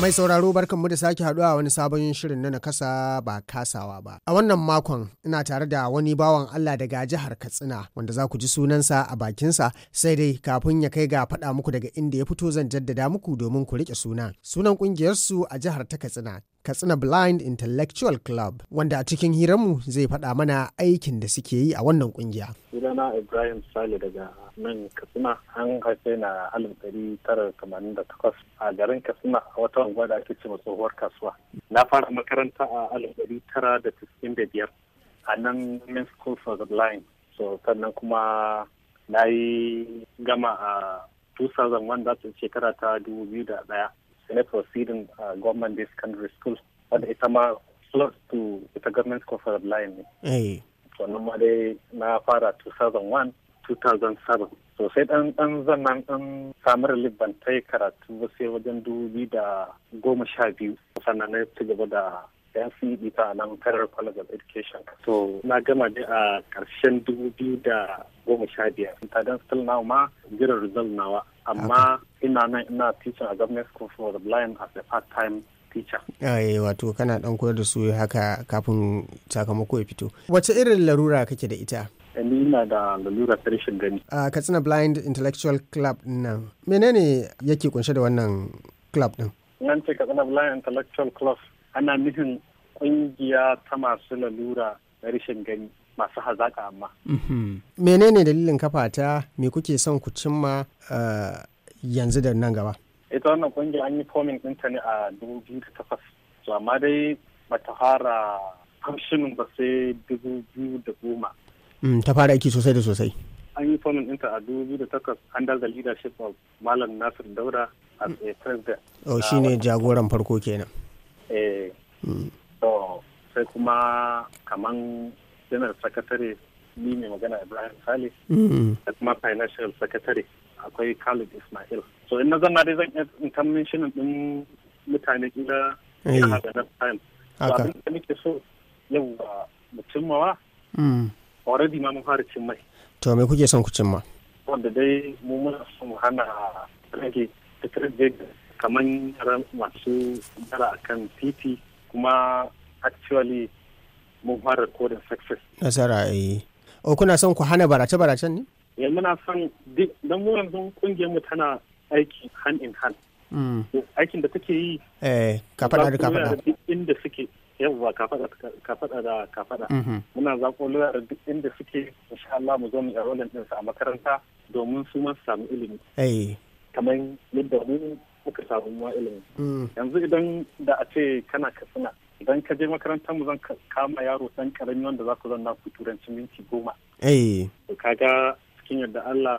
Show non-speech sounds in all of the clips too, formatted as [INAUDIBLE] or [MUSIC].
Mai sauraro barkanmu da sake haduwa wani sabon shirin na nakasa ba kasawa ba. A wannan makon ina tare da wani bawan Allah daga jihar Katsina wanda za ku ji sunansa a bakinsa sai dai kafin ya kai ga faɗa muku daga inda ya fito zan jaddada muku domin ku riƙe suna. Sunan ƙungiyarsu a jihar ta Katsina Katsina Blind Intellectual Club wanda a cikin hiranmu zai faɗa mana aikin da suke yi a wannan ƙungiya? Sunana Ibrahim Sale daga nan Katsina an haife na alif ɗari tara tamanin da takwas a garin Katsina a wata unguwa da ake cewa tsohuwar kasuwa. Na fara makaranta a alif ɗari tara da tisin da biyar a nan Men's School for the Blind. So sannan kuma na yi gama a 2001 da shekara ta 2001 na proceeding uh, government based secondary school wadda ita ma close to ita government conference line ne to nan ma dai na fara 2001 2007 so sai dan dan zannan dan samu relief ban ta karatu ba sai wajen dubi da goma sha biyu sannan na ci gaba da NCE ta nan Federal College of Education. So na gama da a karshen dubu biyu da goma sha biyar. Ta dan still now ma jiran result nawa. amma ina nan ina teaching a government school for the blind as a part-time teacher. Aye, wato kana dan koyar da su haka kafin sakamako ya fito. Wace irin larura kake da ita? Eh, ni ina da lalurar rashin gani. A Katsina Blind Intellectual Club nan. Menene yake kunshe da wannan club din? Nan ce Katsina Blind Intellectual Club ana nufin kungiya ta masu lalura da rashin gani. masu hazaka amma. Mhm. menene dalilin kafa ta me kuke son ku cimma eh, yanzu da nan gaba ita wannan kungiya an yi forming ɗinta ne a 2008 to amma dai bata fara kamshinin ba sai 2010 mm, ta fara aiki sosai da sosai an yi forming ɗinta a 2008 under the leadership of malam nasir daura as a president oh ne jagoran farko kenan eh mm. to sai kuma kaman general secretary ni mai magana ibrahim salih mm. da kuma financial secretary akwai khalid ismail so in na zanna dai zan iya intermission din mutane kila ya na time abin da nake so yau mu cimmawa mm. already ma mun fara cimmai to me kuke son ku cimma wanda dai mu muna son mu hana rage fitar da kamar masu dara akan titi kuma actually mun fara recording success nasara eh o oh, kuna son ku hana barace baracen ne Ya eh, muna son duk don mu yanzu kungiyar mu tana aiki hand in hand hmm. eh, aikin da take yi eh ka fada da ka fada inda suke yawwa ka fada da ka fada mm-hmm. muna zako lura da duk inda suke insha Allah mu zo mu enrollment din a makaranta domin su ma su samu ilimi eh kamar yadda mu muka samu ma ilimi mm. yanzu idan da a ce kana katsina idan ka je makarantar mu zan kama yaro dan karami wanda za ku zanna ku turanci minti goma eh kaga cikin yadda Allah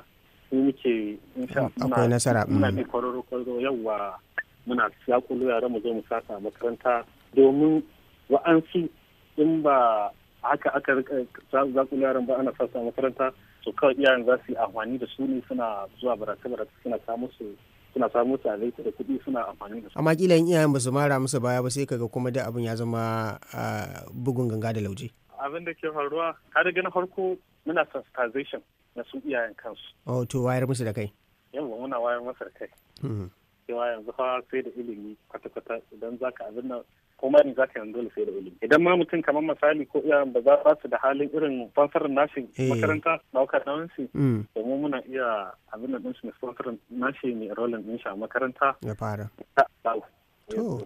mu muke insha mm, Allah akwai nasara muna mm. bi kororo kororo yawa muna ya kullu yaran mu zo mu saka makaranta domin wa'ansu in ba haka aka za ku yaran ba ana sasa makaranta to kawai iyayen za su yi amfani da su ne suna zuwa barace barace suna kawo musu suna samu su da kuɗi suna amfani da su amma kila iyayen ba su mara musu baya ba sai ga kuma da abin ya zama bugun ganga da lauje abin da ke faruwa ka daga na farko muna sensitization na su iyayen kansu oh to wayar musu da kai yamma muna wayar musu da kai hmm. cewa yanzu fa sai da ilimi kwata-kwata idan za ka abin nan kuma ne za ka yanzu dole sai da ilimi idan ma mutum kamar misali ko iyayen ba za ba su da halin irin sponsor nashi eh. makaranta daukar nauyin shi domin mm. muna iya abin nan ɗinsu na sponsor nashi ne rolin ɗin shi a makaranta ya fara to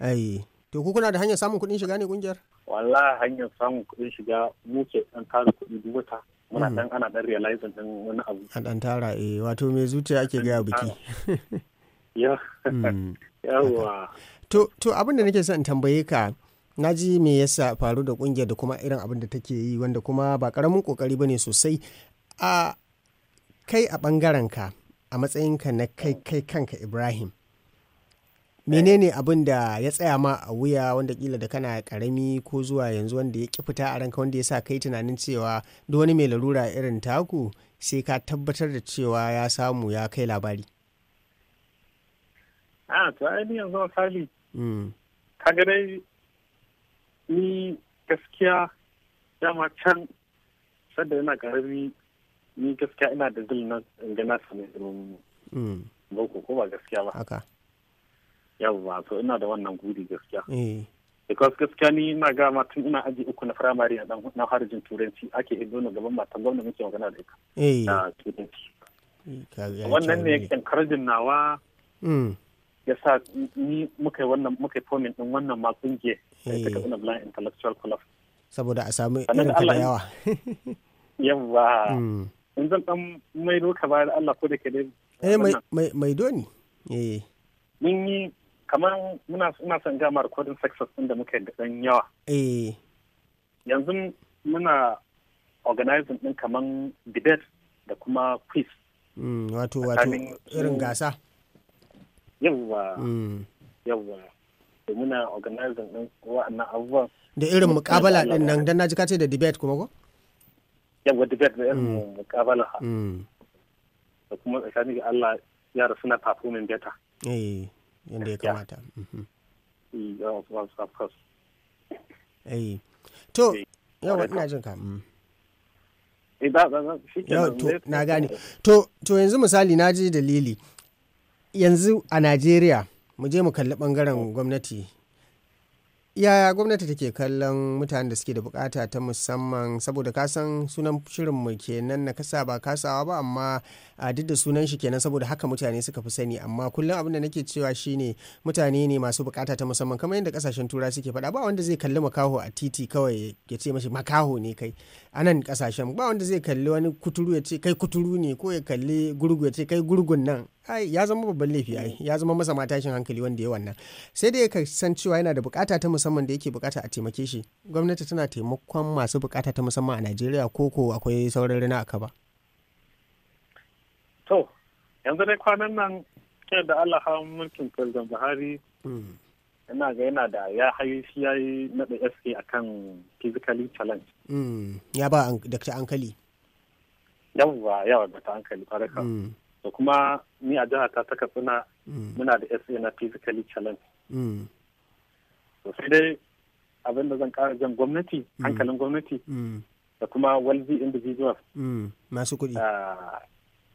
ai to ku kuna da hanyar samun kuɗin shiga ne kungiyar wallahi hanyar samun kuɗin shiga muke ɗan tara kuɗi duk wata muna dan mm. ana dan realizing din wani abu a dan tara eh wato me zuciya ake gaya biki Hmm. [LAUGHS] yawwa to to abin da nake son tambaye ka na ji me yasa faru da kungiyar da kuma irin abin da take yi wanda kuma ba karamin kokari bane sosai a kai a bangaren ka a matsayinka na kai kai kanka Ibrahim menene abin da ya tsaya ma a wuya wanda kila da kana karami ko zuwa yanzu wanda ya ki fita a ranka wanda ya sa kai tunanin cewa duk wani mai larura irin taku sai ka tabbatar da cewa ya samu ya kai labari a to ainihin yanzu misali mm. ga dai ni gaskiya dama can sadda yana karami ni gaskiya ina da zil na gana sanin mm. boko ko ba gaskiya ba haka yawwa so ina da wannan gudi gaskiya eh. because gaskiya ni ina ga matan ina aji uku na firamare na harajin turanci ake ido na gaban matan gwamna muke magana da ita na eh. turanci eh, wannan ne kan karjin nawa mm. ya sa ni muka yi wannan muka yi fomin din wannan ma da ta eh. katsina blind intellectual club saboda a samu irin ka da yawa [LAUGHS] yawa hmm. in zan dan mai ka bayar Allah ko da ke dai eh mai mai doni eh mun yi kamar muna ina son gama recording success din da muka yi da dan yawa eh yanzu muna organizing din kamar debate da kuma quiz hmm, wato wato irin gasa yawwa mm. yawwa to muna organizing din wa'annan abubuwan da irin mukabala din nan dan naji ka ce da debate kuma ko yawwa debate da irin mm. mukabala ha mm. da kuma tsakanin ga Allah yara suna performing better eh yanda ya kamata mm-hmm. eh, eh to eh, yawa ina jin ka na gane to yanzu misali na ji dalili yanzu a najeriya mu je mu kalli bangaren gwamnati yaya gwamnati take kallon mutanen da suke da bukata ta musamman saboda ka san sunan shirin mu kenan na kasa ba kasawa ba amma a duk da sunan shi kenan saboda haka mutane suka fi sani amma kullum abin da nake cewa shine mutane ne masu bukata ta musamman kamar yadda kasashen tura suke faɗa ba wanda zai kalli makaho a titi kawai ya ce mashi makaho ne kai a nan kasashen ba wanda zai kalli wani kuturu ya ce kai kuturu ne ko ya kalli gurgu ya ce kai gurgun nan ai ya zama babban laifi ai mm. ya zama masa matashin hankali wanda ya wannan sai da ya san cewa yana da bukata ta musamman da yake bukata a taimake shi gwamnati tana taimakon masu bukata ta musamman a najeriya ko ko akwai sauran rana aka ba to yanzu dai kwanan nan ke da allah mulkin president buhari yana mm. ga yana da ya hayi shi ya yi naɗa sa akan physically challenge mm. ya ba dr ankali yawa yawa dr ankali kwarai da kuma ni a jihar ta ta na mm. muna da sa na physically challenge so mm. sai dai abin da zan kara jan gwamnati mm. hankalin gwamnati da kuma wealthy individuals masu kuɗi ah,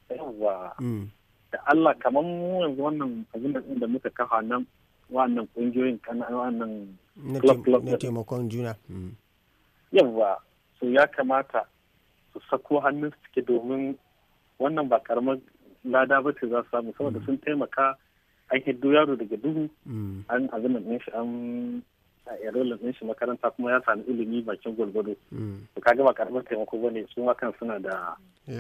yawa da Allah kamar mu yanzu wannan abin da muka kafa nan wannan kungiyoyin wannan club club na taimakon juna yawa so ya kamata su sako hannun suke domin wannan ba karamar lada ba ce za su samu saboda mm. sun taimaka an hiddo yaro daga duhu mm. an azumin shi an enrollment din shi makaranta kuma ya sami ilimi bakin gwalgwado mm. to kaga ba karamar taimako ba ne su makan suna da mm.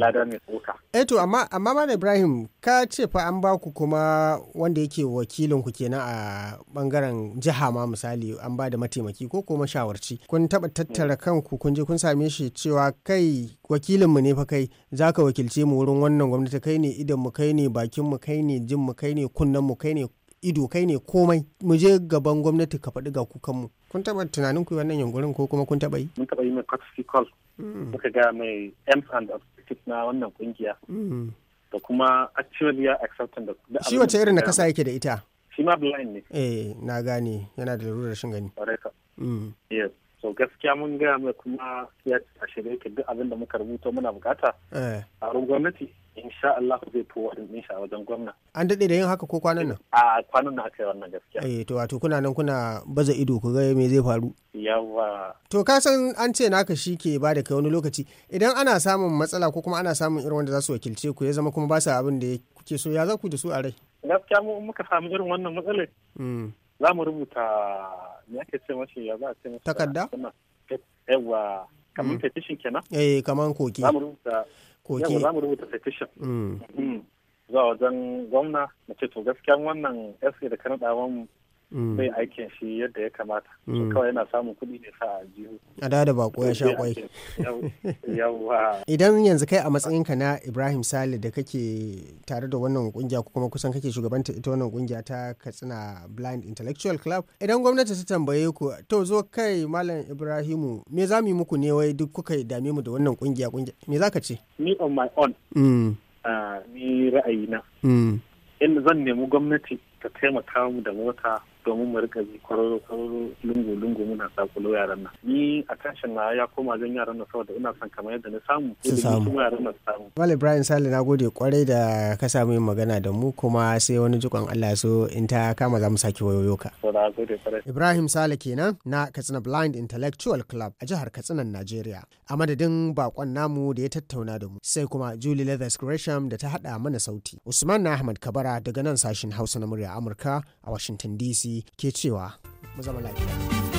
lada mai tsoka eh to amma amma ibrahim ka ce fa an baku kuma wanda yake wakilin ku kenan a bangaren jiha ma misali an ba da mataimaki ko kuma shawarci kun taba tattara kanku kun je kun same shi cewa kai wakilinmu ne fa kai za ka wakilce mu wurin wannan gwamnati kai ne idan mu kai ne bakin mu kai ne jin mu kai ne kunnen mu kai ne ido kai ne komai mu je gaban gwamnati ka faɗi ga mu. kun taɓa tunanin ku wannan yunkurin ko kuma kun taɓa yi mun taɓa yi mai courtesy call mm. muka ga mai m and objectives na wannan kungiya mm. da kuma actually ya accepting da shi wace irin na kasa yake da ita shi ma blind ne eh na gane yana da larurar shin gani mm. yes so gaskiya mun gaya mai kuma ya a shirye yake duk abin da muka rubuta muna bukata eh. a gwamnati insha Allah zai fi wadin din a wajen gwamna. An daɗe da yin haka ko kwanan nan? A kwanan nan aka yi wannan gaskiya. Eh to wato kuna nan kuna baza ido ku ga me zai faru. Yawa. To ka san an ce naka shi ke ba da kai wani lokaci idan ana samun matsala ko kuma ana samun irin wanda za su wakilce ku ya zama kuma ba sa abin da kuke so ya za ku da su a rai. Gaskiya mu muka samu irin wannan matsalar. Hmm. Za mu rubuta me ake ce mashi ya za a ce Takarda? Yawa. kamar mm. petition kenan eh kamar koki zamu rubuta koki za mu rubuta petition mm. mm. za wajen gwamna mace to gaskiya wannan essay da ka naɗa mai mm. aikin shi yadda ya kamata mm. kawai yana samun kuɗi ne sa a jihu a da da bako ya sha kwai [LAUGHS] idan yanzu kai a matsayinka na Ibrahim Sale da kake tare da wannan kungiya ko kuma kusan kake shugabanta ita wannan kungiya ta Katsina Blind Intellectual Club idan gwamnati ta tambaye ku to zo kai malam Ibrahimu me za mu yi muku ne wai duk kuka dame mu da wannan kungiya kungiya me za ka ce me on my own mm. ah, ni ra'ayina in zan nemi gwamnati ta taimaka mu da mota domin mu rika bi kwararo kwararo lungu lungu muna sakulo yaran nan ni attention na ya koma zan yaran nan saboda ina son kamar yadda na samu su samu yaran samu Ibrahim Sale na gode kwarai da ka samu yin magana da mu kuma sai wani jikon Allah so in ta kama za mu saki wayoyo ka Ibrahim Sale kenan na Katsina Blind Intellectual Club a jihar Katsinan nigeria. a madadin bakon namu da ya tattauna da mu sai kuma Julie Leathers Gresham da ta hada mana sauti Usman na Ahmad Kabara daga nan sashin Hausa na murya Amurka a Washington DC ke cewa mu zama lafiya.